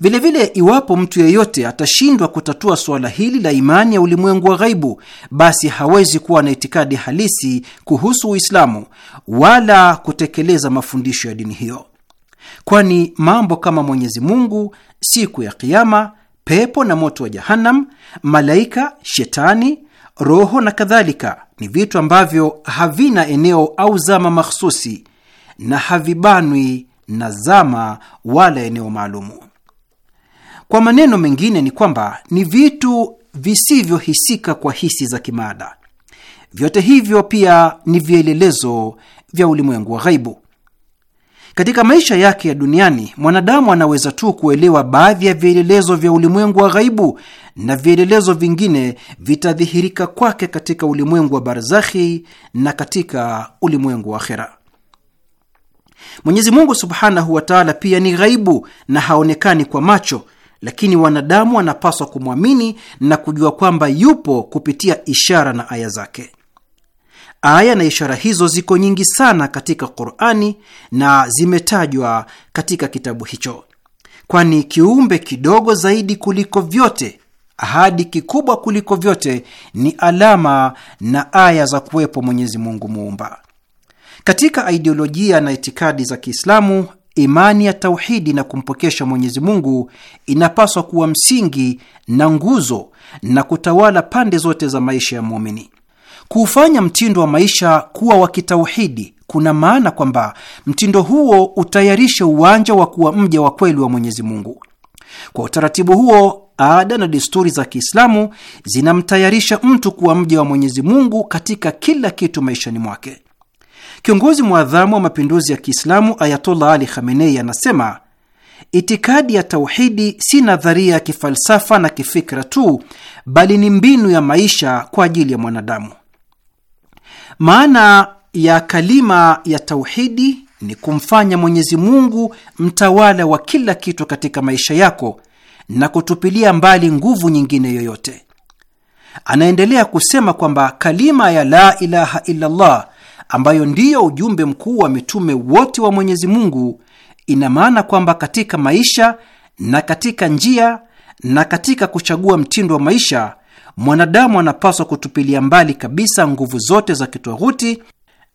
Vilevile vile, iwapo mtu yeyote atashindwa kutatua suala hili la imani ya ulimwengu wa ghaibu, basi hawezi kuwa na itikadi halisi kuhusu Uislamu wala kutekeleza mafundisho ya dini hiyo kwani mambo kama Mwenyezi Mungu, siku ya Kiama, pepo na moto wa Jahannam, malaika, shetani, roho na kadhalika ni vitu ambavyo havina eneo au zama mahsusi na havibanwi na zama wala eneo maalumu. Kwa maneno mengine, ni kwamba ni vitu visivyohisika kwa hisi za kimaada. Vyote hivyo pia ni vielelezo vya ulimwengu wa ghaibu. Katika maisha yake ya duniani, mwanadamu anaweza tu kuelewa baadhi ya vielelezo vya ulimwengu wa ghaibu, na vielelezo vingine vitadhihirika kwake katika ulimwengu wa barzakhi na katika ulimwengu wa akhera. Mwenyezi Mungu subhanahu wa taala pia ni ghaibu na haonekani kwa macho, lakini wanadamu wanapaswa kumwamini na kujua kwamba yupo kupitia ishara na aya zake. Aya na ishara hizo ziko nyingi sana katika Qurani na zimetajwa katika kitabu hicho, kwani kiumbe kidogo zaidi kuliko vyote hadi kikubwa kuliko vyote ni alama na aya za kuwepo Mwenyezi Mungu Muumba. Katika idiolojia na itikadi za Kiislamu, imani ya tauhidi na kumpokesha Mwenyezi Mungu inapaswa kuwa msingi na nguzo na kutawala pande zote za maisha ya muumini. Kuufanya mtindo wa maisha kuwa wa kitauhidi kuna maana kwamba mtindo huo utayarishe uwanja wa kuwa mja wa kweli wa Mwenyezi Mungu. Kwa utaratibu huo, ada na desturi za Kiislamu zinamtayarisha mtu kuwa mja wa Mwenyezi Mungu katika kila kitu maishani mwake. Kiongozi mwadhamu wa mapinduzi ya Kiislamu Ayatollah Ali Khamenei anasema Itikadi ya tauhidi si nadharia ya kifalsafa na kifikra tu, bali ni mbinu ya maisha kwa ajili ya mwanadamu. Maana ya kalima ya tauhidi ni kumfanya Mwenyezi Mungu mtawala wa kila kitu katika maisha yako na kutupilia mbali nguvu nyingine yoyote. Anaendelea kusema kwamba kalima ya la ilaha illallah, ambayo ndiyo ujumbe mkuu wa mitume wote wa Mwenyezi Mungu, ina maana kwamba katika maisha na katika njia na katika kuchagua mtindo wa maisha mwanadamu anapaswa kutupilia mbali kabisa nguvu zote za kitoghuti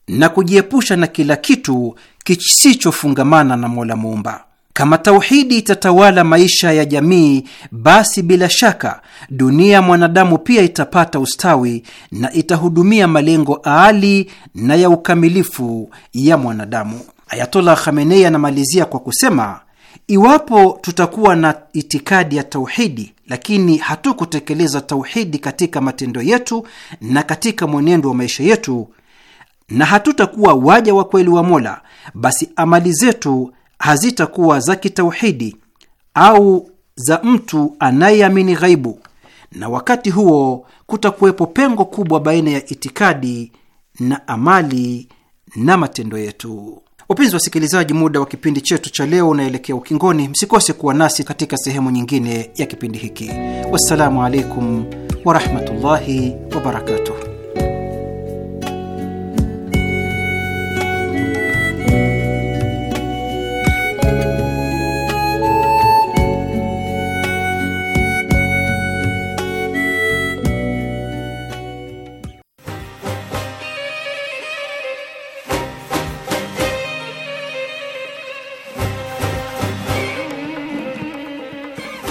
na kujiepusha na kila kitu kisichofungamana na Mola Muumba. Kama tauhidi itatawala maisha ya jamii, basi bila shaka dunia ya mwanadamu pia itapata ustawi na itahudumia malengo aali na ya ukamilifu ya mwanadamu. Ayatollah Khamenei anamalizia kwa kusema, iwapo tutakuwa na itikadi ya tauhidi lakini hatukutekeleza tauhidi katika matendo yetu na katika mwenendo wa maisha yetu, na hatutakuwa waja wa kweli wa Mola, basi amali zetu hazitakuwa za kitauhidi au za mtu anayeamini ghaibu, na wakati huo kutakuwepo pengo kubwa baina ya itikadi na amali na matendo yetu. Wapenzi wasikilizaji, muda wa kipindi chetu cha leo unaelekea ukingoni. Msikose kuwa nasi katika sehemu nyingine ya kipindi hiki. Wassalamu alaikum warahmatullahi wabarakatuh.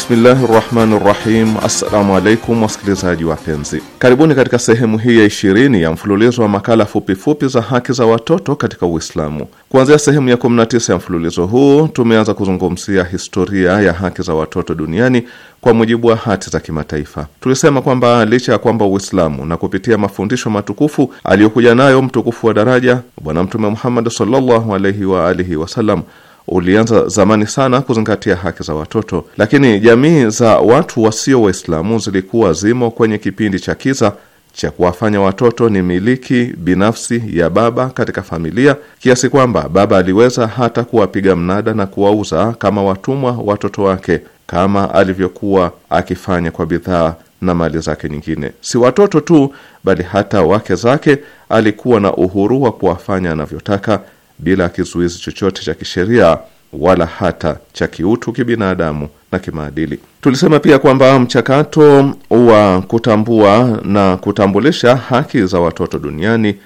Bismillahi rahmani rahim. Assalamu alaikum wasikilizaji wapenzi, karibuni katika sehemu hii ya ishirini ya mfululizo wa makala fupifupi za haki za watoto katika Uislamu. Kuanzia sehemu ya 19 ya mfululizo huu tumeanza kuzungumzia historia ya haki za watoto duniani kwa mujibu wa hati za kimataifa. Tulisema kwamba licha ya kwamba Uislamu na kupitia mafundisho matukufu aliyokuja nayo mtukufu wa daraja Bwana Mtume Muhammad sallallahu alaihi wa alihi wasallam ulianza zamani sana kuzingatia haki za watoto, lakini jamii za watu wasio Waislamu zilikuwa zimo kwenye kipindi cha kiza cha kuwafanya watoto ni miliki binafsi ya baba katika familia, kiasi kwamba baba aliweza hata kuwapiga mnada na kuwauza kama watumwa watoto wake kama alivyokuwa akifanya kwa bidhaa na mali zake nyingine. Si watoto tu, bali hata wake zake alikuwa na uhuru wa kuwafanya anavyotaka bila kizuizi chochote cha kisheria wala hata cha kiutu, kibinadamu na kimaadili. Tulisema pia kwamba mchakato wa kutambua na kutambulisha haki za watoto duniani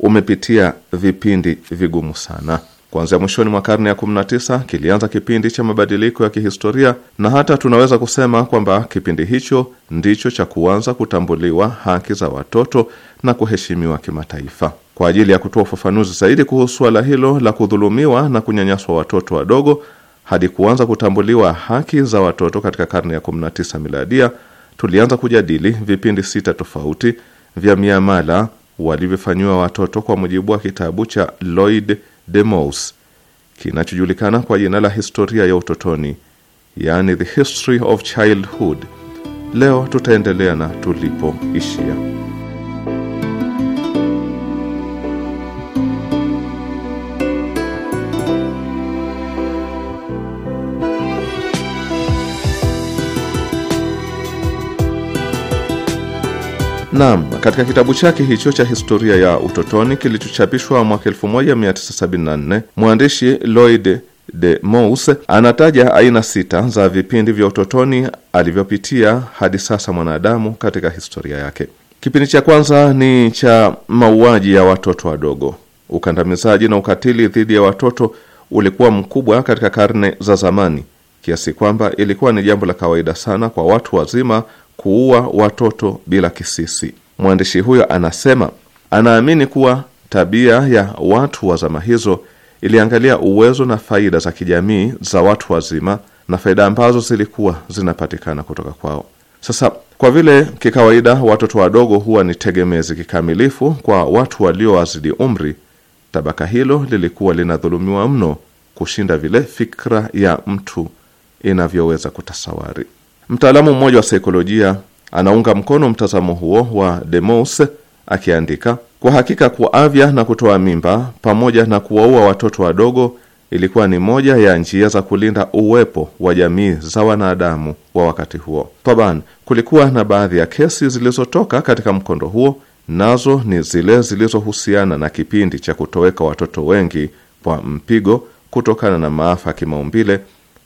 umepitia vipindi vigumu sana. Kuanzia mwishoni mwa karne ya 19 kilianza kipindi cha mabadiliko ya kihistoria, na hata tunaweza kusema kwamba kipindi hicho ndicho cha kuanza kutambuliwa haki za watoto na kuheshimiwa kimataifa. Kwa ajili ya kutoa ufafanuzi zaidi kuhusu suala hilo la kudhulumiwa na kunyanyaswa watoto wadogo hadi kuanza kutambuliwa haki za watoto katika karne ya 19 miladia, tulianza kujadili vipindi sita tofauti vya miamala walivyofanyiwa watoto kwa mujibu wa kitabu cha Lloyd de Mous kinachojulikana kwa jina la Historia ya Utotoni, yani The History of Childhood. Leo tutaendelea na tulipoishia. Naam, katika kitabu chake hicho cha historia ya utotoni kilichochapishwa mwaka 1974 mwandishi Lloyd de Mous anataja aina sita za vipindi vya utotoni alivyopitia hadi sasa mwanadamu katika historia yake. Kipindi cha kwanza ni cha mauaji ya watoto wadogo. Ukandamizaji na ukatili dhidi ya watoto ulikuwa mkubwa katika karne za zamani kiasi kwamba ilikuwa ni jambo la kawaida sana kwa watu wazima kuua watoto bila kisisi. Mwandishi huyo anasema anaamini kuwa tabia ya watu wa zama hizo iliangalia uwezo na faida za kijamii za watu wazima na faida ambazo zilikuwa zinapatikana kutoka kwao. Sasa kwa vile kikawaida watoto wadogo huwa ni tegemezi kikamilifu kwa watu waliowazidi umri, tabaka hilo lilikuwa linadhulumiwa mno kushinda vile fikra ya mtu inavyoweza kutasawari. Mtaalamu mmoja wa saikolojia anaunga mkono mtazamo huo wa Demos akiandika, kwa hakika kuavya na kutoa mimba pamoja na kuwaua watoto wadogo ilikuwa ni moja ya njia za kulinda uwepo wa jamii za wanadamu wa wakati huo. Taban, kulikuwa na baadhi ya kesi zilizotoka katika mkondo huo, nazo ni zile zilizohusiana na kipindi cha kutoweka watoto wengi kwa mpigo kutokana na maafa kimaumbile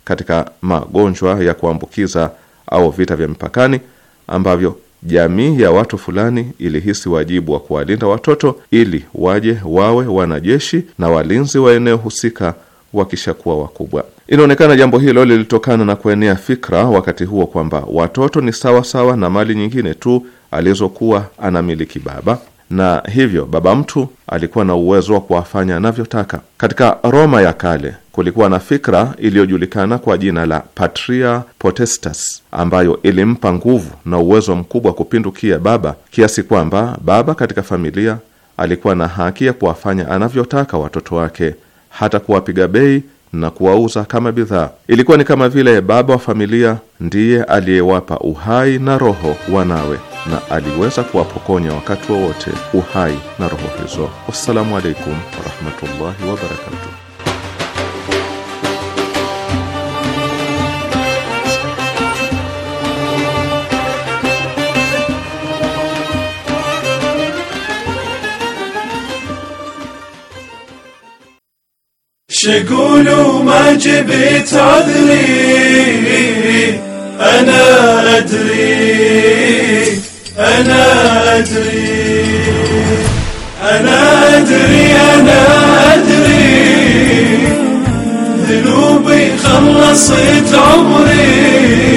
katika magonjwa ya kuambukiza au vita vya mipakani ambavyo jamii ya watu fulani ilihisi wajibu wa kuwalinda watoto ili waje wawe wanajeshi na walinzi wa eneo husika wakishakuwa wakubwa. Inaonekana jambo hilo lilitokana na kuenea fikra wakati huo kwamba watoto ni sawa sawa na mali nyingine tu alizokuwa anamiliki baba, na hivyo baba mtu alikuwa na uwezo wa kuwafanya anavyotaka. Katika Roma ya kale kulikuwa na fikra iliyojulikana kwa jina la Patria Potestas ambayo ilimpa nguvu na uwezo mkubwa wa kupindukia baba kiasi kwamba baba katika familia alikuwa na haki ya kuwafanya anavyotaka watoto wake, hata kuwapiga bei na kuwauza kama bidhaa. Ilikuwa ni kama vile baba wa familia ndiye aliyewapa uhai na roho wanawe, na aliweza kuwapokonya wakati wowote wa uhai na roho hizo. Wassalamu alaikum warahmatullahi wabarakatuh. شقول وما جبت عذري أنا أدري أنا أدري أنا أدري أنا أدري ذنوبي خلصت عمري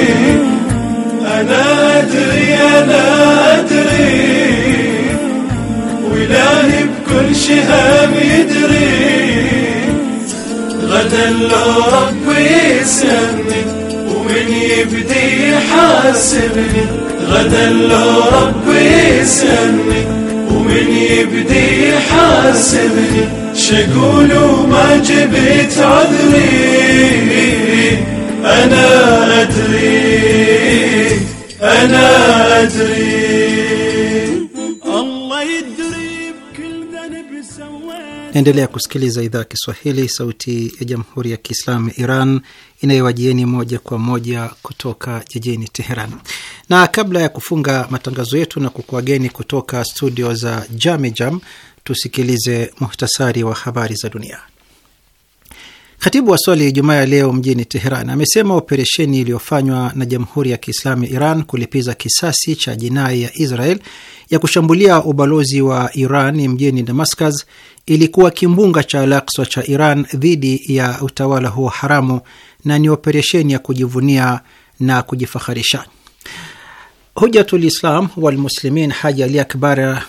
ربي يسلمني ومن يبدي يحاسبني غدا لو ربي يسلمني ومن يبدي يحاسبني شقول وما جبت عذري أنا أدري أنا أدري Naendelea kusikiliza idhaa ya Kiswahili, sauti ya jamhuri ya kiislamu Iran inayowajieni moja kwa moja kutoka jijini Teheran. Na kabla ya kufunga matangazo yetu na kukuageni kutoka studio za Jamejam, tusikilize muhtasari wa habari za dunia. Khatibu wa swali ya Ijumaa ya leo mjini Teheran amesema operesheni iliyofanywa na Jamhuri ya Kiislamu ya Iran kulipiza kisasi cha jinai ya Israel ya kushambulia ubalozi wa Iran mjini Damascus ilikuwa kimbunga cha Al-Aqsa cha Iran dhidi ya utawala huo haramu na ni operesheni ya kujivunia na kujifaharisha. Hujatul Islam Walmuslimin Haji Ali Akbar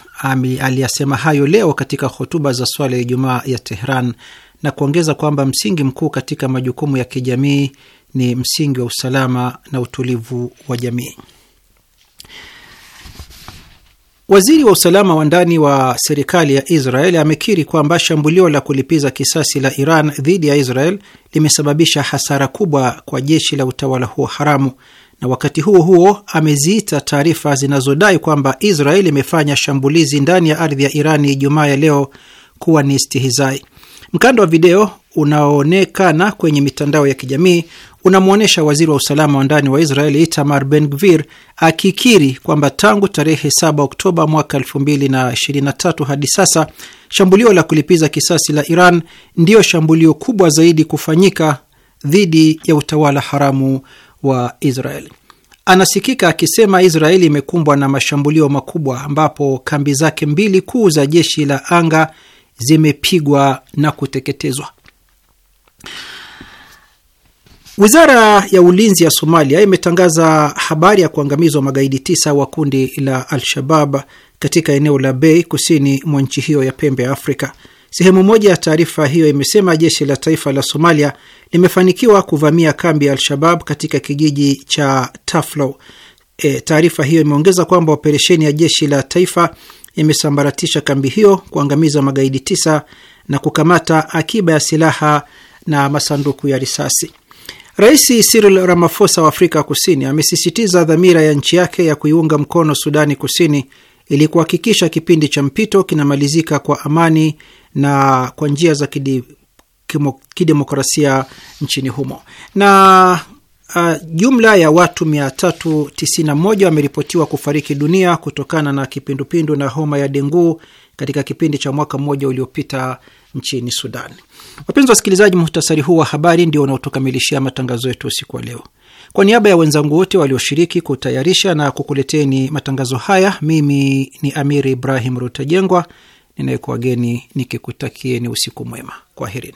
aliyasema hayo leo katika hotuba za swala ya Ijumaa ya Tehran na kuongeza kwamba msingi mkuu katika majukumu ya kijamii ni msingi wa usalama na utulivu wa jamii. Waziri wa usalama wa ndani wa serikali ya Israel amekiri kwamba shambulio la kulipiza kisasi la Iran dhidi ya Israel limesababisha hasara kubwa kwa jeshi la utawala huo haramu, na wakati huo huo ameziita taarifa zinazodai kwamba Israel imefanya shambulizi ndani ya ardhi ya Iran Ijumaa ya leo kuwa ni istihizai. Mkanda wa video unaoonekana kwenye mitandao ya kijamii unamwonyesha waziri wa usalama wa ndani wa Israeli Itamar Ben Gvir akikiri kwamba tangu tarehe 7 Oktoba mwaka 2023 hadi sasa shambulio la kulipiza kisasi la Iran ndiyo shambulio kubwa zaidi kufanyika dhidi ya utawala haramu wa Israeli. Anasikika akisema Israeli imekumbwa na mashambulio makubwa ambapo kambi zake mbili kuu za jeshi la anga zimepigwa na kuteketezwa. Wizara ya ulinzi ya Somalia imetangaza habari ya kuangamizwa magaidi tisa wa kundi la Al-Shabab katika eneo la Bay kusini mwa nchi hiyo ya pembe ya Afrika. Sehemu moja ya taarifa hiyo imesema jeshi la taifa la Somalia limefanikiwa kuvamia kambi ya Al-Shabab katika kijiji cha Taflow. E, taarifa hiyo imeongeza kwamba operesheni ya jeshi la taifa imesambaratisha kambi hiyo, kuangamiza magaidi tisa na kukamata akiba ya silaha na masanduku ya risasi. Rais Cyril Ramaphosa wa Afrika Kusini amesisitiza dhamira ya nchi yake ya kuiunga mkono Sudani Kusini ili kuhakikisha kipindi cha mpito kinamalizika kwa amani na kwa njia za kidemokrasia nchini humo. Na Uh, jumla ya watu 391 wameripotiwa kufariki dunia kutokana na kipindupindu na homa ya dengu katika kipindi cha mwaka mmoja uliopita nchini Sudan. Wapenzi wasikilizaji, muhtasari huu wa habari ndio unaotukamilishia matangazo yetu usiku wa leo. Kwa niaba ya wenzangu wote walioshiriki kutayarisha na kukuleteni matangazo haya, mimi ni Amiri Ibrahim Rutajengwa ninayekuwageni nikikutakieni usiku mwema. Kwaherini.